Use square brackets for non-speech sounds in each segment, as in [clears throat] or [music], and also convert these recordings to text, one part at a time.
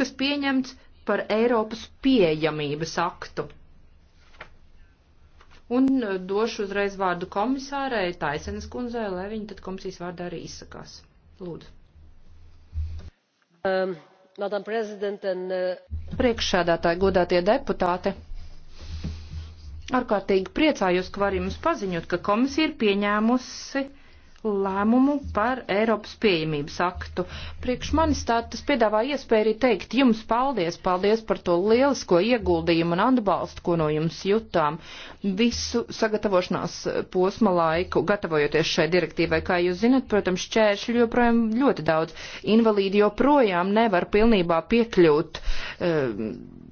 kas pieņemts par Eiropas pieejamības aktu. Un uh, došu uzreiz vārdu komisārai Taisenes kundzei, lai viņa tad komisijas vārdā arī izsakās. Lūdzu. Um, and, uh... Priekšsēdētāji, godātie deputāti. Ārkārtīgi priecājos, ka var jums paziņot, ka komisija ir pieņēmusi lēmumu par Eiropas pieejamības aktu. Priekš manis tā tas piedāvā iespēju arī teikt jums paldies, paldies par to lielisko ieguldījumu un atbalstu, ko no jums jutām visu sagatavošanās posma laiku, gatavojoties šai direktīvai. Kā jūs zinat, protams, šķēršļi joprojām ļoti daudz. Invalīdi joprojām nevar pilnībā piekļūt. Uh,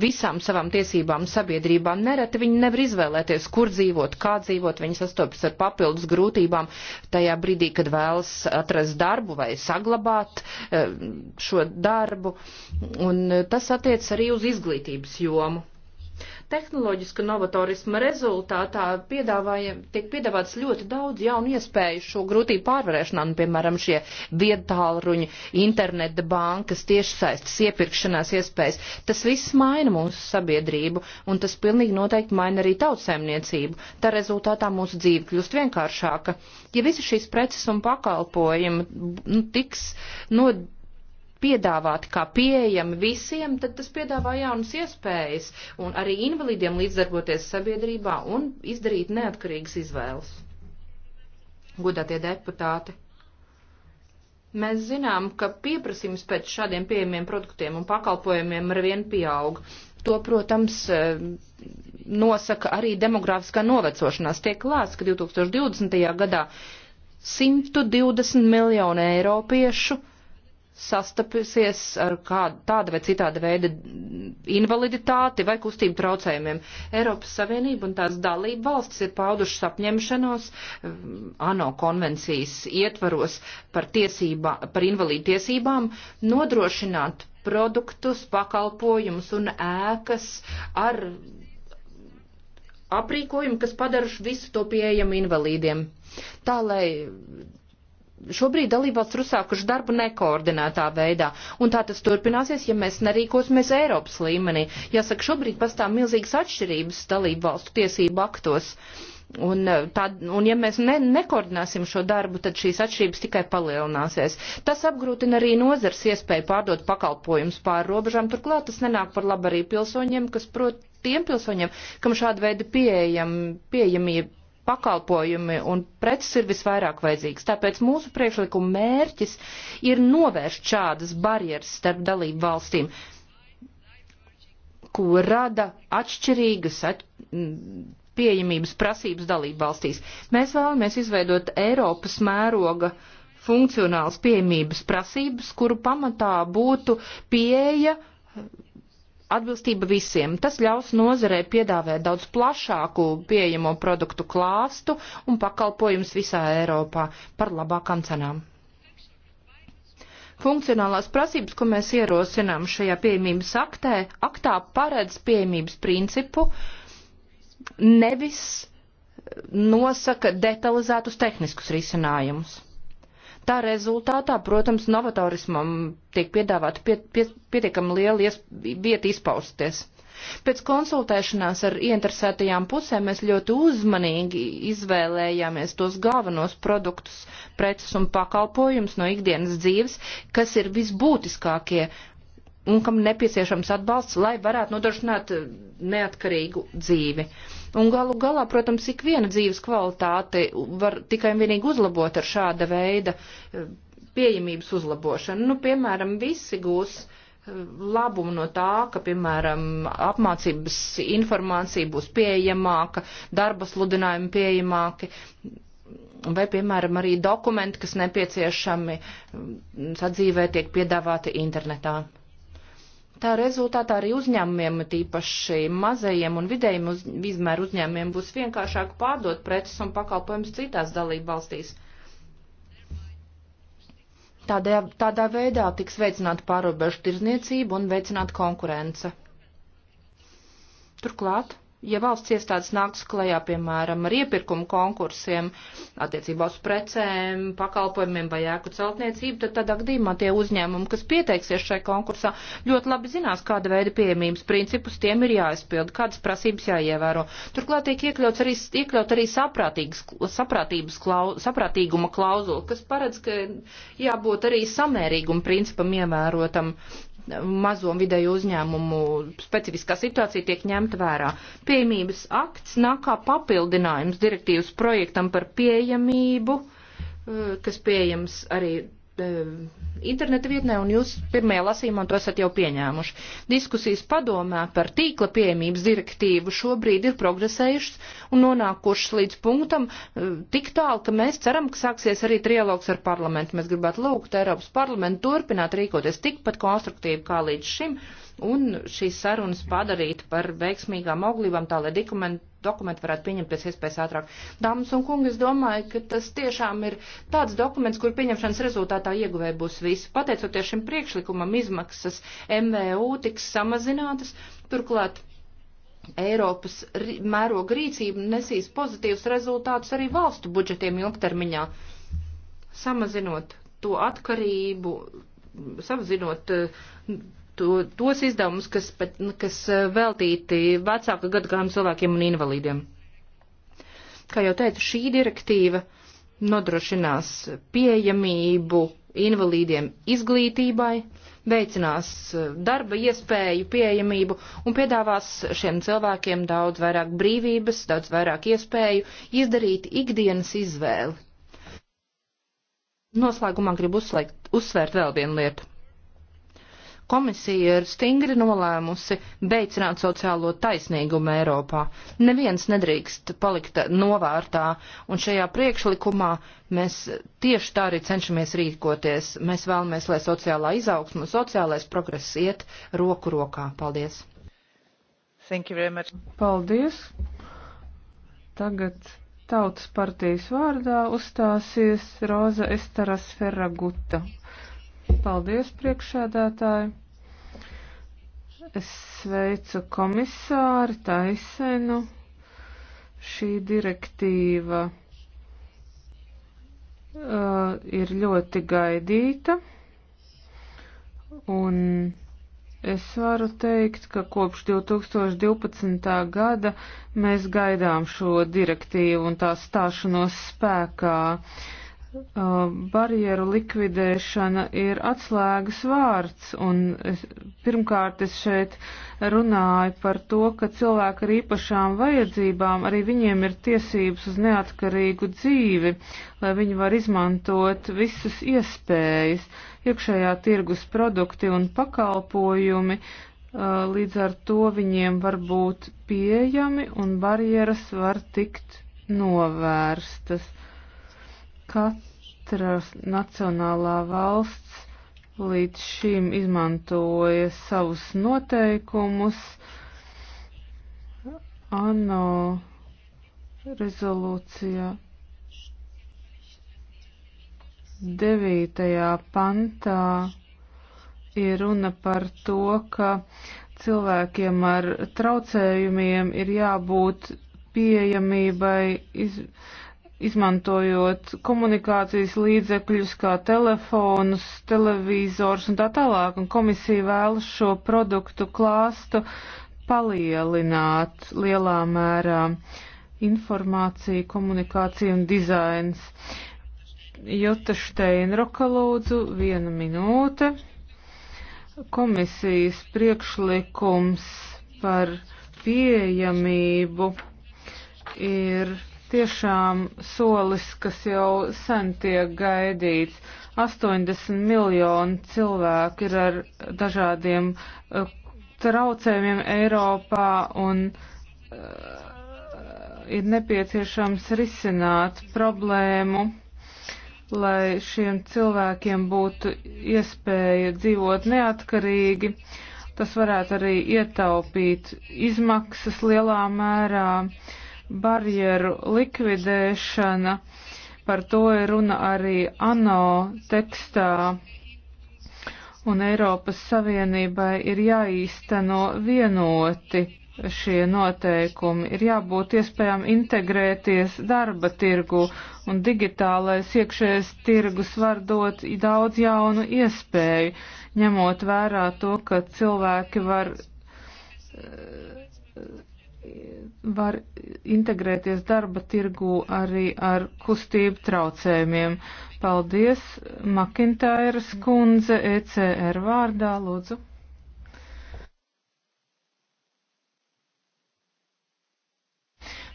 visām savām tiesībām sabiedrībām. Nereti viņi nevar izvēlēties, kur dzīvot, kā dzīvot, viņi sastopas ar papildus grūtībām tajā brīdī, kad vēlas atrast darbu vai saglabāt eh, šo darbu. Un eh, tas attiec arī uz izglītības jomu tehnoloģiska novatorisma rezultātā tiek piedāvāts ļoti daudz jaunu iespēju šo grūtību pārvarēšanā, nu, piemēram, šie viedtālruņi, interneta bankas, tiešsaistes iepirkšanās iespējas. Tas viss maina mūsu sabiedrību, un tas pilnīgi noteikti maina arī tautsēmniecību. Tā rezultātā mūsu dzīve kļūst vienkāršāka. Ja visi šīs preces un pakalpojumi nu, tiks nodrošināti, piedāvāti kā pieejami visiem, tad tas piedāvā jaunas iespējas un arī invalīdiem līdzdarboties sabiedrībā un izdarīt neatkarīgas izvēles. Godātie deputāti! Mēs zinām, ka pieprasījums pēc šādiem pieejamiem produktiem un pakalpojumiem arvien pieaug. To, protams, eh, nosaka arī demogrāfiskā novecošanās. Tiek lēsts, ka 2020. gadā 120 miljonu eiropiešu sastapusies ar kādu, tāda vai citāda veida invaliditāti vai kustību traucējumiem. Eiropas Savienība un tās dalība valstis ir paudušas apņemšanos eh, ANO konvencijas ietvaros par, tiesībā, par invalīdu tiesībām nodrošināt produktus, pakalpojumus un ēkas ar aprīkojumu, kas padara visu to pieejamu invalīdiem. Tā, lai šobrīd dalībvalsts ir uzsākuši darbu nekoordinētā veidā. Un tā tas turpināsies, ja mēs nerīkosimies Eiropas līmenī. Jāsaka, šobrīd pastāv milzīgas atšķirības dalībvalstu tiesību aktos. Un, e, tā, un ja mēs ne, nekoordināsim šo darbu, tad šīs atšķirības tikai palielināsies. Tas apgrūtina arī nozars iespēju pārdot pakalpojumus pār robežām. Turklāt tas nenāk par labu arī pilsoņiem, kas prot tiem pilsoņiem, kam šāda veida pieejam, pieejamība pakalpojumi un preces ir visvairāk vajadzīgs. Tāpēc mūsu priekšlikuma mērķis ir novērst šādas barjeras starp dalību valstīm, ko rada atšķirīgas at pieejamības prasības dalību valstīs. Mēs vēlamies izveidot Eiropas mēroga funkcionāls pieejamības prasības, kuru pamatā būtu pieeja atbilstība visiem. Tas ļaus nozarē piedāvēt daudz plašāku pieejamo produktu klāstu un pakalpojums visā Eiropā par labākām cenām. Funkcionālās prasības, ko mēs ierosinām šajā pieejamības aktē, aktā paredz pieejamības principu, nevis nosaka detalizētus tehniskus risinājumus. Tā rezultātā, protams, novatorismam tiek piedāvāta pie, pie, pietiekami liela ies, vieta izpausties. Pēc konsultēšanās ar ieinteresētajām pusēm mēs ļoti uzmanīgi izvēlējāmies tos galvenos produktus, preces un pakalpojumus no ikdienas dzīves, kas ir visbūtiskākie un kam nepieciešams atbalsts, lai varētu nodrošināt neatkarīgu dzīvi. Uh, Un galu galā, protams, ik viena dzīves kvalitāte var tikai un vienīgi uzlabot ar šāda veida eh, pieejamības uzlabošanu. Nu, piemēram, visi gūs eh, labumu no tā, ka, piemēram, apmācības informācija būs pieejamāka, darba sludinājumi pieejamāki, vai, piemēram, arī dokumenti, kas nepieciešami mm, sadzīvē, tiek piedāvāti internetā. Tā rezultātā arī uzņēmumiem, tīpaši mazajiem un vidējiem uz, izmēru uzņēmumiem, būs vienkāršāk pārdot preces un pakalpojumus citās dalību valstīs. Tādē, tādā veidā tiks veicināta pārobežu tirzniecība un veicināta konkurence. Turklāt ja valsts iestādes nāks klajā, piemēram, ar iepirkumu konkursiem attiecībā uz precēm, pakalpojumiem vai ēku celtniecību, tad tādā gadījumā tie uzņēmumi, kas pieteiksies šai konkursā, ļoti labi zinās, kāda veida pieejamības principus tiem ir jāizpild, kādas prasības jāievēro. Turklāt tiek iekļauts arī, iekļaut arī saprātības klau, saprātīguma klauzula, kas paredz, ka jābūt arī samērīguma principam ievērotam mazo un vidēju uzņēmumu specifiskā situācija tiek ņemta vērā. Pieejamības akts nāk kā papildinājums direktīvas projektam par pieejamību, eh, kas pieejams arī E, interneta vietnē, un jūs pirmajā lasījumā to esat jau pieņēmuši. Diskusijas padomē par tīkla pieejamības direktīvu šobrīd ir progresējušas un nonākušas līdz punktam e, tik tālu, ka mēs ceram, ka sāksies arī trialogs ar parlamentu. Mēs gribētu lūgt Eiropas parlamentu turpināt rīkoties tikpat konstruktīvi kā līdz šim un šīs sarunas padarīt par veiksmīgām auglībām, tā lai dokumentu dokumentu varētu pieņemt pēc iespējas ātrāk. Dāmas un kungi, es domāju, ka tas tiešām ir tāds dokuments, kur pieņemšanas rezultātā ieguvēja būs visi. Pateicoties šim priekšlikumam, izmaksas MVU tiks samazinātas. Turklāt Eiropas mēroga rīcība nesīs pozitīvus rezultātus arī valstu budžetiem ilgtermiņā, samazinot to atkarību, samazinot eh, to, tos izdevumus, kas, pat, kas eh, veltīti vecāka gadagājuma cilvēkiem un invalīdiem. Kā jau teicu, šī direktīva nodrošinās pieejamību invalīdiem izglītībai, veicinās eh, darba iespēju pieejamību un piedāvās šiem cilvēkiem daudz vairāk brīvības, daudz vairāk iespēju izdarīt ikdienas izvēli. Noslēgumā gribu uzslēgt, uzsvērt vēl vienu lietu komisija ir stingri nolēmusi beidzināt sociālo taisnīgumu Eiropā. Neviens nedrīkst palikt novārtā, un šajā priekšlikumā mēs tieši tā arī cenšamies rīkoties. Mēs vēlamies, lai sociālā izaugsma un sociālais progress iet roku rokā. Paldies! Paldies! Tagad tautas partijas vārdā uzstāsies Roza Estaras Ferraguta. Paldies, priekšsēdētāji! Es sveicu komisāru Taisenu. Šī direktīva uh, ir ļoti gaidīta, un es varu teikt, ka kopš 2012. gada mēs gaidām šo direktīvu un tā stāšanos spēkā. Uh, Uh, barjeru likvidēšana ir atslēgas vārds, un es, pirmkārt es šeit runāju par to, ka cilvēki ar īpašām vajadzībām arī viņiem ir tiesības uz neatkarīgu dzīvi, lai viņi var izmantot visas iespējas, iekšējā tirgus produkti un pakalpojumi, uh, līdz ar to viņiem var būt pieejami un barjeras var tikt novērstas. Katra nacionālā valsts līdz šim izmantoja savus noteikumus. ANO rezolūcijā 9. pantā ir runa par to, ka cilvēkiem ar traucējumiem ir jābūt pieejamībai, iz, izmantojot komunikācijas līdzekļus kā telefonus, televizors un tā tālāk, un komisija vēlas šo produktu klāstu palielināt lielā mērā informācija, komunikācija un dizains. Jota Šteinroka lūdzu, viena minūte. Komisijas priekšlikums par pieejamību ir tiešām solis, kas jau sen tiek gaidīts. 80 miljoni cilvēku ir ar dažādiem uh, traucējumiem Eiropā un uh, ir nepieciešams risināt problēmu, lai šiem cilvēkiem būtu iespēja dzīvot neatkarīgi. Tas varētu arī ietaupīt izmaksas lielā mērā. Uh, barjeru likvidēšana. Par to ir runa arī ANO tekstā. Un Eiropas Savienībai ir jāīsteno vienoti šie noteikumi. Ir jābūt iespējām integrēties darba tirgu, un digitālais iekšējais tirgus var dot daudz jaunu iespēju, ņemot vērā to, ka cilvēki var eh, var integrēties darba tirgū arī ar kustību traucējumiem. Paldies, Makintairas kundze, ECR vārdā, lūdzu.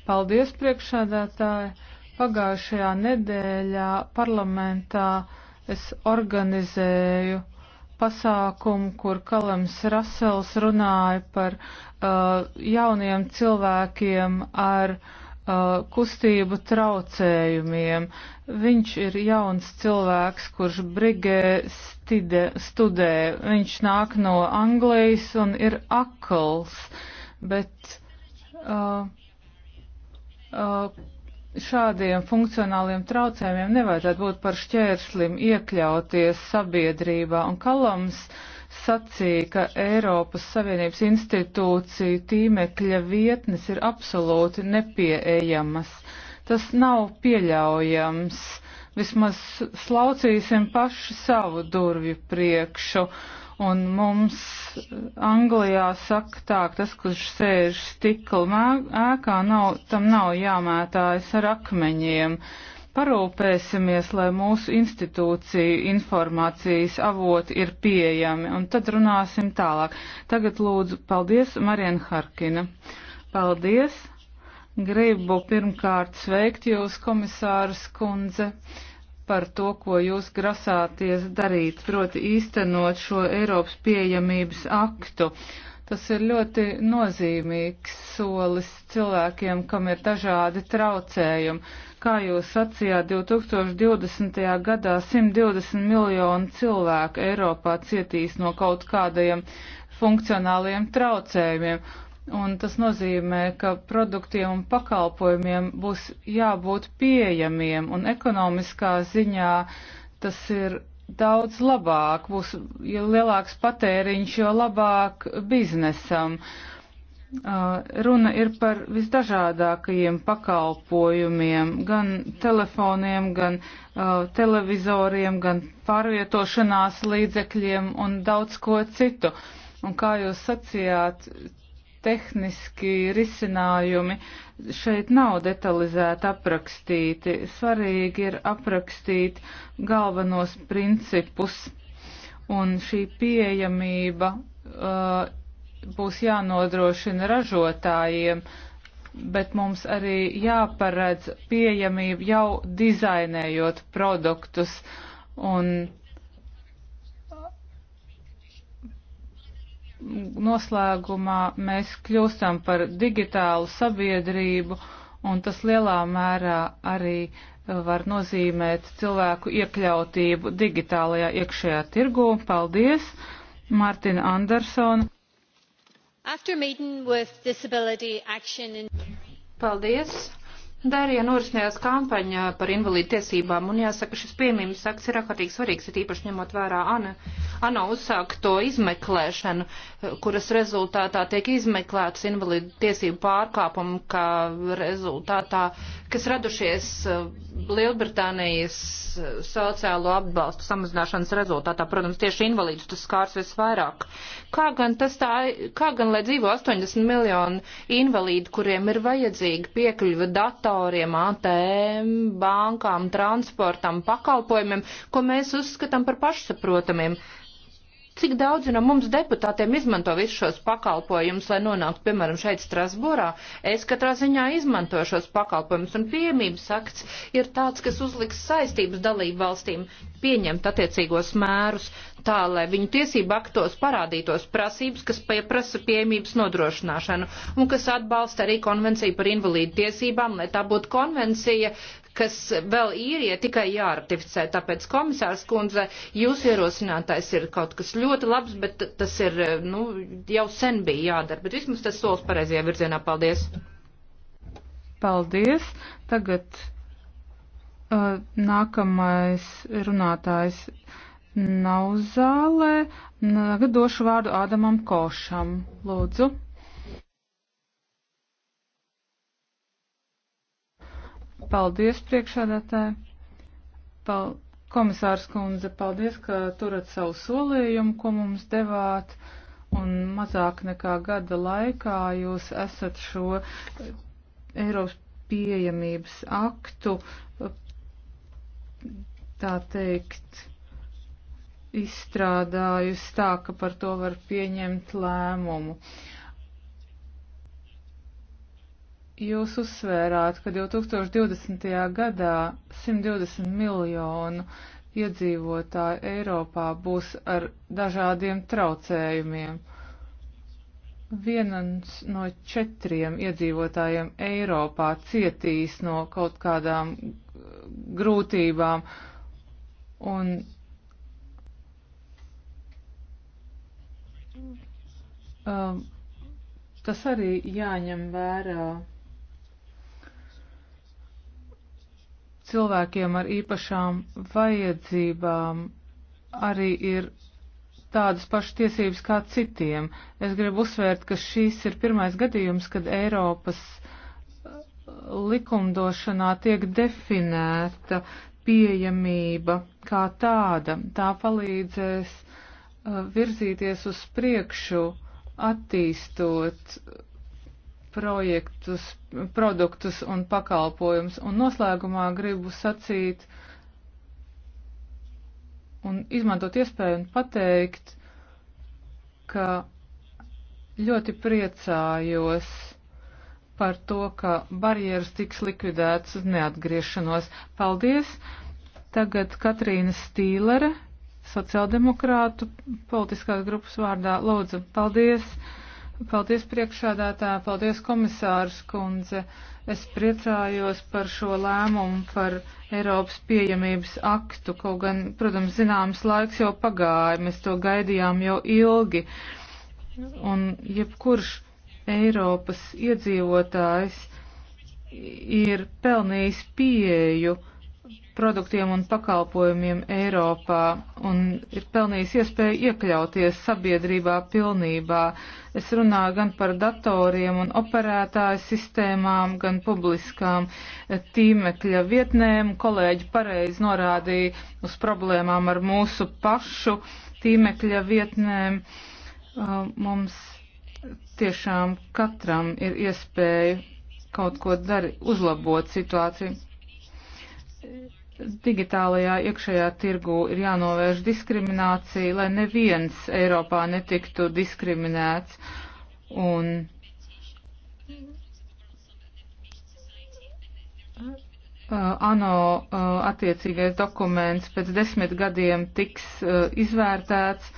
Paldies, priekšādātāji. Pagājušajā nedēļā parlamentā es organizēju pasākumu, kur Kalams Rasels runāja par uh, jauniem cilvēkiem ar uh, kustību traucējumiem. Viņš ir jauns cilvēks, kurš brigē stide, studē. Viņš nāk no Anglijas un ir akls, bet. Uh, uh, šādiem funkcionāliem traucējumiem nevajadzētu būt par šķērslim iekļauties sabiedrībā. Un Kalams sacīja, ka Eiropas Savienības institūcija tīmekļa vietnes ir absolūti nepieejamas. Tas nav pieļaujams. Vismaz slaucīsim paši savu durvju priekšu Un mums Anglijā saka tā, ka tas, kurš sēž stikla ēkā, nav, tam nav jāmētājas ar akmeņiem. Parūpēsimies, lai mūsu institūcija informācijas avoti ir pieejami, un tad runāsim tālāk. Tagad lūdzu, paldies, Marien Harkina. Paldies! Gribu pirmkārt sveikt jūs, komisārs kundze par to, ko jūs grasāties darīt, proti īstenot šo Eiropas pieejamības aktu. Tas ir ļoti nozīmīgs solis cilvēkiem, kam ir dažādi traucējumi. Kā jūs sacījāt, 2020. gadā 120 miljonu cilvēku Eiropā cietīs no kaut kādajiem funkcionāliem traucējumiem Un tas nozīmē, ka produktiem un pakalpojumiem būs jābūt pieejamiem un ekonomiskā ziņā tas ir daudz labāk. Būs, jo lielāks patēriņš, jo labāk biznesam. Uh, runa ir par visdažādākajiem pakalpojumiem, gan telefoniem, gan uh, televizoriem, gan pārvietošanās līdzekļiem un daudz ko citu. Un kā jūs sacījāt, tehniski risinājumi šeit nav detalizēti aprakstīti. Svarīgi ir aprakstīt galvenos principus, un šī pieejamība uh, būs jānodrošina ražotājiem, bet mums arī jāparedz pieejamību jau dizainējot produktus un noslēgumā mēs kļūstam par digitālu sabiedrību, un tas lielā mērā arī e, var nozīmēt cilvēku iekļautību digitālajā iekšējā tirgū. Paldies, Mārtina Andersona. Paldies! Darīja norisinājās kampaņa par invalīdu tiesībām, un jāsaka, šis piemības akts ir ārkārtīgi svarīgs, ir īpaši ņemot vērā Ana, Ana uzsākto izmeklēšanu, kuras rezultātā tiek izmeklētas invalīdu tiesību pārkāpumu, kā rezultātā, kas radušies eh, Lielbritānijas eh, sociālo atbalstu samazināšanas rezultātā. Protams, tieši invalīdus tas skārs visvairāk. Kā gan, tas tā, kā gan lai dzīvo 80 miljonu invalīdu, kuriem ir vajadzīga piekļuva data, sektoriem, ATM, bankām, transportam, pakalpojumiem, ko mēs uzskatām par pašsaprotamiem. Cik daudzi no mums deputātiem izmanto visus šos pakalpojumus, lai nonāktu, piemēram, šeit Strasbūrā? Es katrā ziņā izmantoju šos pakalpojumus, un piemības akts ir tāds, kas uzliks saistības dalību valstīm pieņemt attiecīgos mērus tā, lai viņu tiesību aktos parādītos prasības, kas pieprasa pieejamības nodrošināšanu un kas atbalsta arī konvenciju par invalīdu tiesībām, lai tā būtu konvencija, kas vēl īrie tikai jāratificē. Tāpēc, komisārs kundze, jūs ierosinātais ir kaut kas ļoti labs, bet tas ir, nu, jau sen bija jādara, bet vismaz tas solis pareizajā virzienā. Paldies! Paldies! Tagad uh, nākamais runātājs nav zālē. Tagad došu vārdu Ādamam Košam. Lūdzu. Paldies priekšādātē. Pal Komisārs kundze, paldies, ka turat savu solījumu, ko mums devāt. Un mazāk nekā gada laikā jūs esat šo eh, Eiropas pieejamības aktu, eh, tā teikt, izstrādājusi tā, ka par to var pieņemt lēmumu. Jūs uzsvērāt, ka 2020. gadā 120 miljonu iedzīvotāju Eiropā būs ar dažādiem traucējumiem. Viens no četriem iedzīvotājiem Eiropā cietīs no kaut kādām grūtībām, un Um, tas arī jāņem vērā. Cilvēkiem ar īpašām vajadzībām arī ir tādas pašas tiesības kā citiem. Es gribu uzsvērt, ka šīs ir pirmais gadījums, kad Eiropas uh, likumdošanā tiek definēta pieejamība kā tāda. Tā palīdzēs uh, virzīties uz priekšu attīstot projektus, produktus un pakalpojumus. Un noslēgumā gribu sacīt un izmantot iespēju un pateikt, ka ļoti priecājos par to, ka barjeras tiks likvidētas uz neatgriešanos. Paldies! Tagad Katrīna Stīlere sociāldemokrātu politiskās grupas vārdā. Lūdzu, paldies! Paldies priekšādātā, paldies komisārs kundze. Es priecājos par šo lēmumu par Eiropas pieejamības aktu, kaut gan, protams, zināms laiks jau pagāja, mēs to gaidījām jau ilgi. Un jebkurš Eiropas iedzīvotājs ir pelnījis pieeju produktiem un pakalpojumiem Eiropā un ir pelnījis iespēju iekļauties sabiedrībā pilnībā. Es runāju gan par datoriem un operētāju sistēmām, gan publiskām tīmekļa vietnēm. Kolēģi pareizi norādīja uz problēmām ar mūsu pašu tīmekļa vietnēm. Uh, mums tiešām katram ir iespēja kaut ko darīt, uzlabot situāciju digitālajā iekšējā tirgu ir jānovērš diskriminācija, lai neviens Eiropā netiktu diskriminēts. Un uh, ANO uh, attiecīgais dokuments pēc desmit gadiem tiks uh, izvērtēts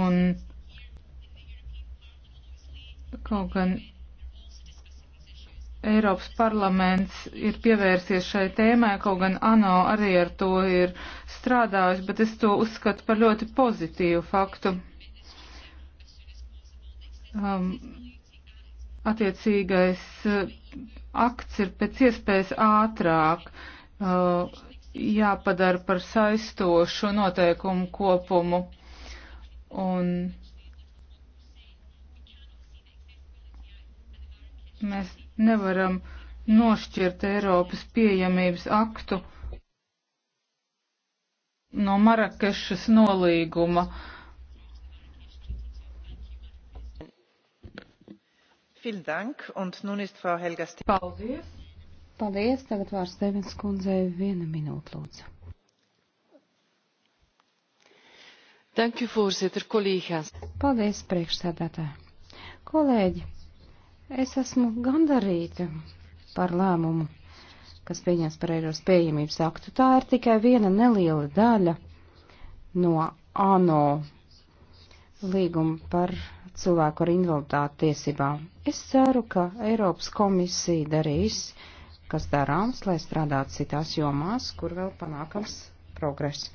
un kaut gan Eiropas parlaments ir pievērsies šai tēmai, kaut gan ANO arī ar to ir strādājis, bet es to uzskatu par ļoti pozitīvu faktu. Um, attiecīgais uh, akts ir pēc iespējas ātrāk uh, jāpadara par saistošu noteikumu kopumu. Un mēs nevaram nošķirt Eiropas pieejamības aktu no Marakešas nolīguma. Paldies! Paldies! Tagad vārds Devins kundzei viena minūte lūdzu. Thank you, voorzitter, collega's. Paldies, priekšsēdētāji. Kolēģi, Es esmu gandarīta par lēmumu, kas pieņems par Eiropas pieejamības aktu. Tā ir tikai viena neliela daļa no ANO līguma par cilvēku ar invaliditāti tiesībām. Es ceru, ka Eiropas komisija darīs, kas darāms, lai strādātu citās jomās, kur vēl panākams progress.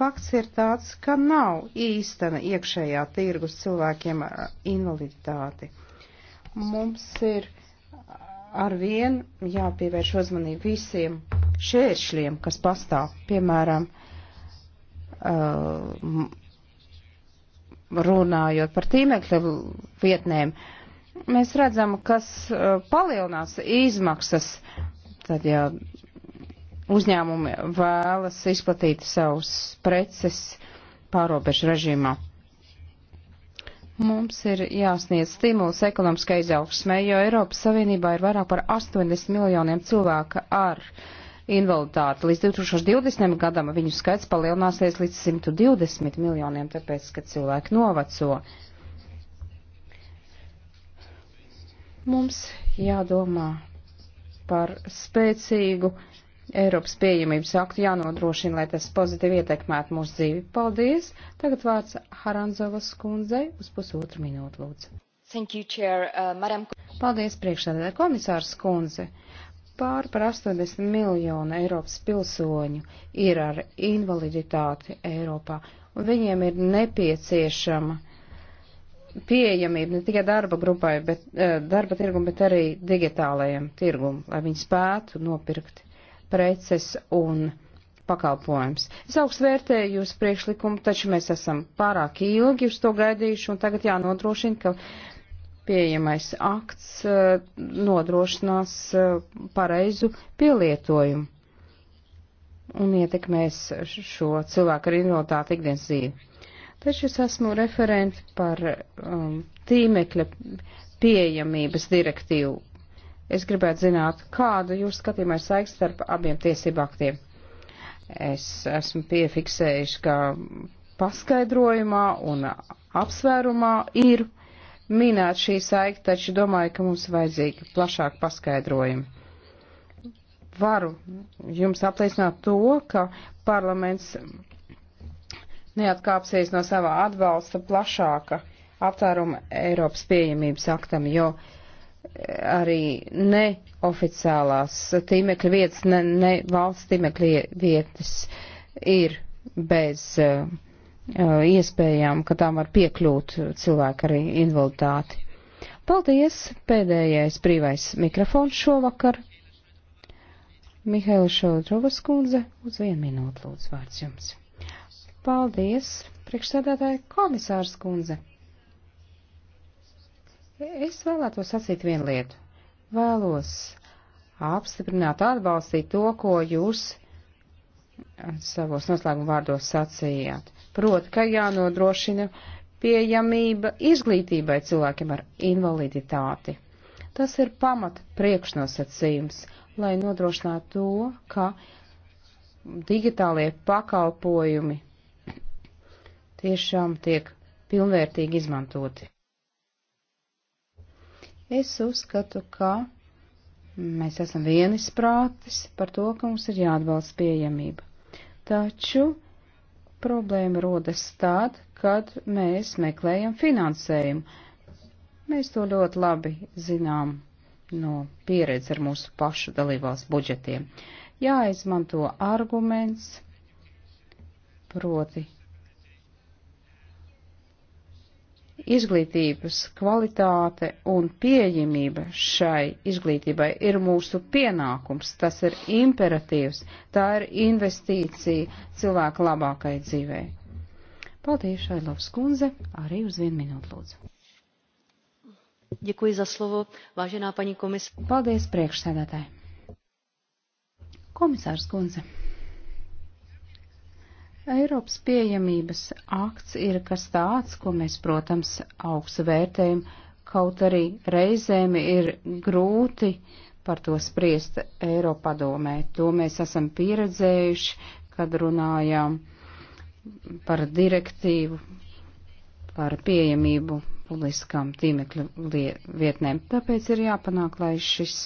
Fakts ir tāds, ka nav īstena iekšējā tirgus cilvēkiem ar invaliditāti Mums ir arvien jāpievērš uzmanību visiem šēršļiem, kas pastāv, piemēram, uh, runājot par tīmekļa vietnēm, mēs redzam, kas uh, palielinās izmaksas, tad, ja uzņēmumi vēlas izplatīt savus preces pārobežu režīmā. Mums ir jāsniedz stimuls ekonomiskai izaugsmē, jo Eiropas Savienībā ir vairāk par 80 miljoniem cilvēku ar invaliditāti. Līdz 2020. gadam viņu skaits palielināsies līdz 120 miljoniem, tāpēc, ka cilvēki novaco. Mums jādomā par spēcīgu uh, Eiropas pieejamības aktu jānodrošina, lai tas pozitīvi ietekmētu mūsu dzīvi. Paldies! Tagad vārds Haranzovas kundzei uz pusotru minūtu lūdzu. Thank you, Chair, uh, Madam... Paldies, priekšsēdētāja komisārs kundze! Pār par 80 miljonu Eiropas pilsoņu ir ar invaliditāti Eiropā, un viņiem ir nepieciešama pieejamība ne tikai darba grupai, bet uh, darba tirgum, bet arī digitālajiem tirgum, lai viņi spētu nopirkt preces un pakalpojums. Es augstu vērtēju jūsu priekšlikumu, taču mēs esam pārāk ilgi uz to gaidījuši, un tagad jānodrošina, ka pieejamais akts eh, nodrošinās eh, pareizu pielietojumu un ietekmēs šo cilvēku ar invaliditāti ikdienas dzīvi. Taču es esmu referenti par um, tīmekļa pieejamības direktīvu, Es gribētu zināt, kādu jūs skatījumā ir saiks starp abiem tiesību aktiem. Es esmu piefiksējuši, ka paskaidrojumā un apsvērumā ir minēta šī saikta, taču domāju, ka mums vajadzīgi plašāk paskaidrojumi. Varu jums apliecināt to, ka parlaments neatkāpsies no savā atbalsta plašāka aptāruma Eiropas pieejamības aktam, jo uh, arī neoficiālās tīmekļa vietas, ne, ne valsts tīmekļa vietas ir bez uh, iespējām, ka tām var piekļūt cilvēki arī invaliditāti. Paldies! Pēdējais brīvais mikrofons šovakar. Mihaila Šodrovas kundze, uz vienu minūtu lūdzu vārds jums. Paldies, priekšsēdētāji komisārs kundze. Es vēlētos sacīt vienu lietu. Vēlos apstiprināt, atbalstīt to, ko jūs savos noslēguma vārdos sacījāt. Proti, ka jānodrošina pieejamība izglītībai cilvēkiem ar invaliditāti. Tas ir pamata priekšnosacījums, lai nodrošinātu to, ka digitālie pakalpojumi tiešām tiek pilnvērtīgi izmantoti. Es uzskatu, ka mēs esam vienisprātis par to, ka mums ir jāatbalsta pieejamība. Taču problēma rodas tad, kad mēs meklējam finansējumu. Mēs to ļoti labi zinām no pieredzes ar mūsu pašu dalībās budžetiem. Jāizmanto arguments, proti izglītības kvalitāte un pieejamība šai izglītībai ir mūsu pienākums, tas ir imperatīvs, tā ir investīcija cilvēku labākai dzīvē. Paldies, Šailovs kundze, arī uz vienu minūtu lūdzu. Děkuji za slovo, vážená paní komisāra. Paldies, priekšsēdētāji. Komisārs kundze. Eiropas pieejamības akts ir kas tāds, ko mēs, protams, augstu vērtējam, kaut arī reizēm ir grūti par to spriest Eiropadomē. To mēs esam pieredzējuši, kad runājām par direktīvu, par pieejamību publiskām tīmekļu vietnēm. Tāpēc ir jāpanāk, lai šis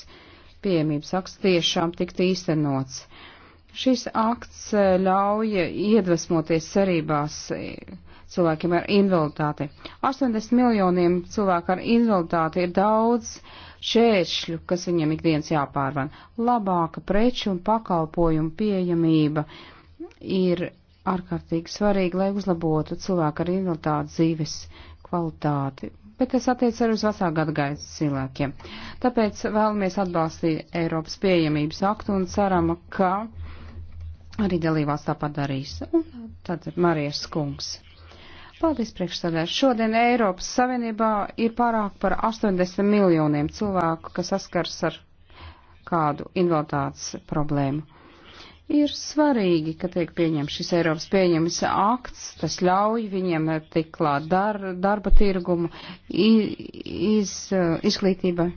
pieejamības akts tiešām tiktu īstenots. Uh, Šis akts e, ļauj iedvesmoties cerībās e, cilvēkiem ar invaliditāti. 80 miljoniem cilvēku ar invaliditāti ir daudz šēršļu, kas viņiem ikdienas jāpārvan. Labāka preču un pakalpojumu pieejamība ir ārkārtīgi svarīga, lai uzlabotu cilvēku ar invaliditāti dzīves kvalitāti. Bet tas attiec arī uz vecāku gadagājas cilvēkiem. Tāpēc vēlamies atbalstīt Eiropas pieejamības aktu un ceram, ka arī dalībās tāpat darīs. Un tad Marijas kungs. Paldies priekšsēdē. Šodien Eiropas Savienībā ir pārāk par 80 miljoniem cilvēku, kas saskars ar kādu invaliditātes problēmu. Ir svarīgi, ka tiek pieņemts šis Eiropas pieņemis akts, tas ļauj viņiem tikt klāt dar, darba tirgumu, iz, izglītībai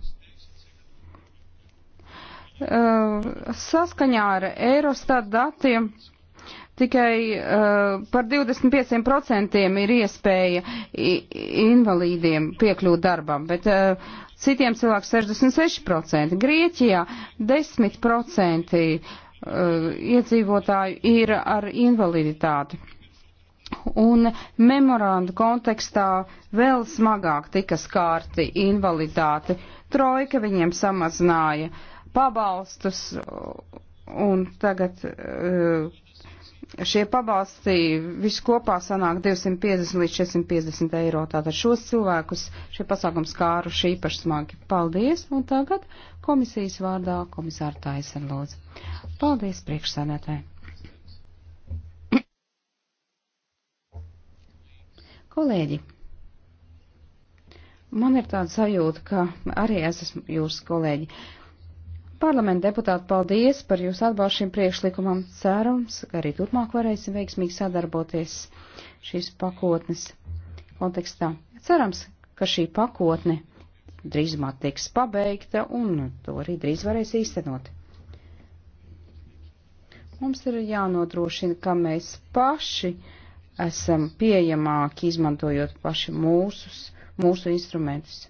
Uh, saskaņā ar Eurostat datiem tikai uh, par 25% ir iespēja invalīdiem piekļūt darbam, bet uh, citiem cilvēkiem 66%. Grieķijā 10% uh, iedzīvotāju ir ar invaliditāti. Un memorandu kontekstā vēl smagāk tika skārti invaliditāti. Trojka viņiem samazināja uh, pabalstus, un tagad eh, šie pabalsti viskopā sanāk 250 līdz 450 eiro. Tātad šos cilvēkus šie pasākums kāruši īpaši smagi. Paldies, un tagad komisijas vārdā komisāra Taisen lūdzu. Paldies priekšsēdētāji. Kolēģi, man ir tāda sajūta, ka arī es esmu jūsu kolēģi. Uh, Parlamenta deputāti, paldies par jūsu atbalstu šim priekšlikumam. Cerams, ka arī turpmāk varēsim veiksmīgi sadarboties šīs pakotnes kontekstā. Cerams, ka šī pakotne drīzumā tiks pabeigta un to arī drīz varēs īstenot. Mums ir jānodrošina, ka mēs paši esam pieejamāki, izmantojot paši mūsus, mūsu instrumentus.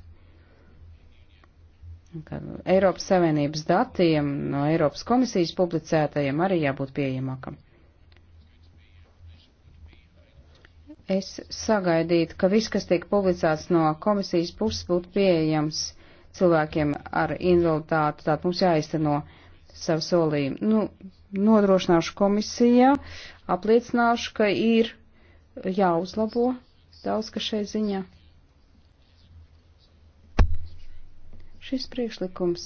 Eiropas Savienības datiem no Eiropas komisijas publicētajiem arī jābūt pieejamākam. Es sagaidītu, ka viss, kas tiek publicēts no komisijas puses, būtu pieejams cilvēkiem ar invaliditāti. Tātad mums jāizteno savu solījumu. Nu, nodrošināšu komisijā, apliecināšu, ka ir jāuzlabo daudz, kas šai ziņā. Šis priekšlikums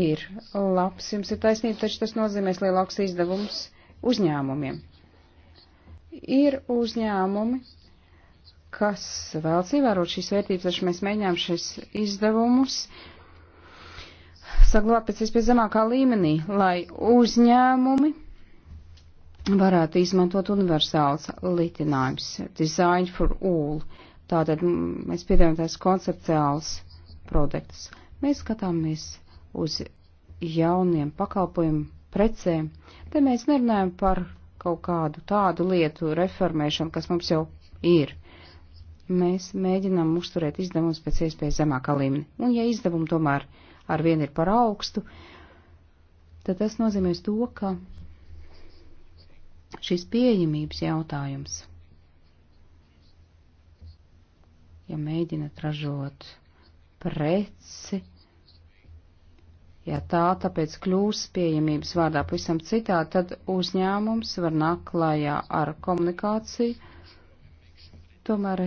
ir labs, jums ir taisnība, taču tas nozīmēs lielāks izdevums uzņēmumiem. Ir uzņēmumi, kas vēlas ievērot šīs vērtības, taču mēs mēģinām šis izdevumus saglabāt pēc vispēc zemākā līmenī, lai uzņēmumi varētu izmantot universāls litinājums, design for all. Uh, Tātad mēs piedāvājam tās konceptuāls produkts. Mēs skatāmies uz jauniem pakalpojumiem, precēm. Te mēs nerunājam par kaut kādu tādu lietu reformēšanu, kas mums jau ir. Mēs mēģinām uzturēt izdevumus pēc iespējas zemākā līmenī. Un ja izdevumi tomēr ar vienu ir par augstu, tad tas nozīmēs to, ka šis pieejamības jautājums ja mēģinat ražot preci, ja tā tāpēc kļūs pieejamības vārdā pavisam citā, tad uzņēmums var nākt klājā ar komunikāciju. Tomēr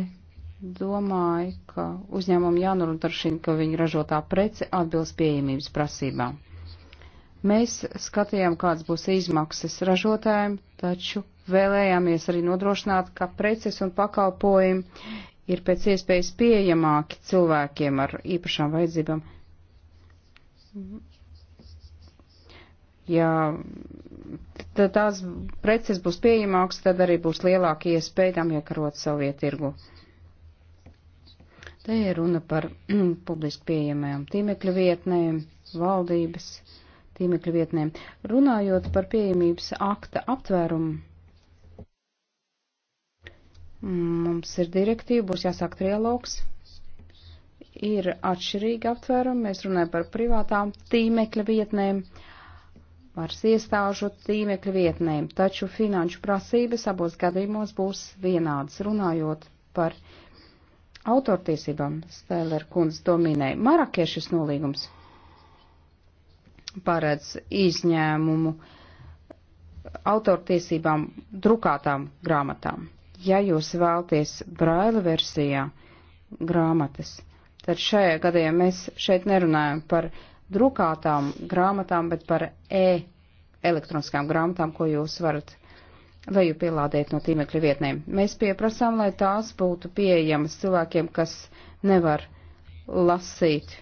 domāju, ka uzņēmumu jānodrošina, ka viņa ražotā prece atbilst pieejamības prasībām. Mēs skatījām, kādas būs izmaksas ražotājiem, taču vēlējāmies arī nodrošināt, ka preces un pakalpojumi ir pēc iespējas pieejamāki cilvēkiem ar īpašām vajadzībām. Ja tad tās preces būs pieejamākas, tad arī būs lielāka iespēja tam iekarot savu ietirgu. Te ir runa par [clears throat] publiski pieejamajām tīmekļa vietnēm, valdības tīmekļa vietnēm. Runājot par pieejamības akta aptvērumu, Mums ir direktīva, būs jāsāk trialogs. Ir atšķirīgi aptvērumi, mēs runājam par privātām tīmekļa vietnēm, varas iestāžu tīmekļa vietnēm, taču finanšu prasības abos gadījumos būs vienādas, runājot par autortiesībām. Stēlera kundze to minēja. Marakešas nolīgums paredz izņēmumu autortiesībām drukātām grāmatām ja jūs vēlties braila versijā grāmatas, tad šajā gadījumā mēs šeit nerunājam par drukātām grāmatām, bet par e elektroniskām grāmatām, ko jūs varat leju pielādēt no tīmekļa vietnēm. Mēs pieprasām, lai tās būtu pieejamas cilvēkiem, kas nevar lasīt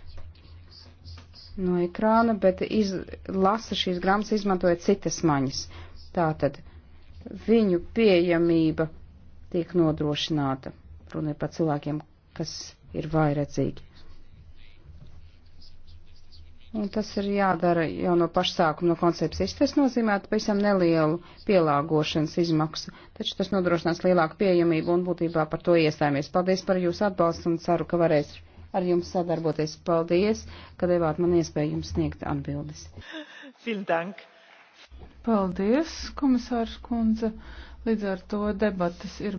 no ekrāna, bet iz, lasa šīs grāmatas izmantojot citas maņas. Tātad viņu pieejamība tiek nodrošināta. Runa ir par cilvēkiem, kas ir vairedzīgi. Un tas ir jādara jau no pašsākuma, no koncepcijas. Tas nozīmē pavisam nelielu pielāgošanas izmaksu, taču tas nodrošinās lielāku pieejamību un būtībā par to iestājāmies. Paldies par jūsu atbalstu un ceru, ka varēs ar jums sadarboties. Paldies, ka devāt man iespēju jums sniegt atbildes. Paldies, komisārs kundze. Līdz ar to debatas ir.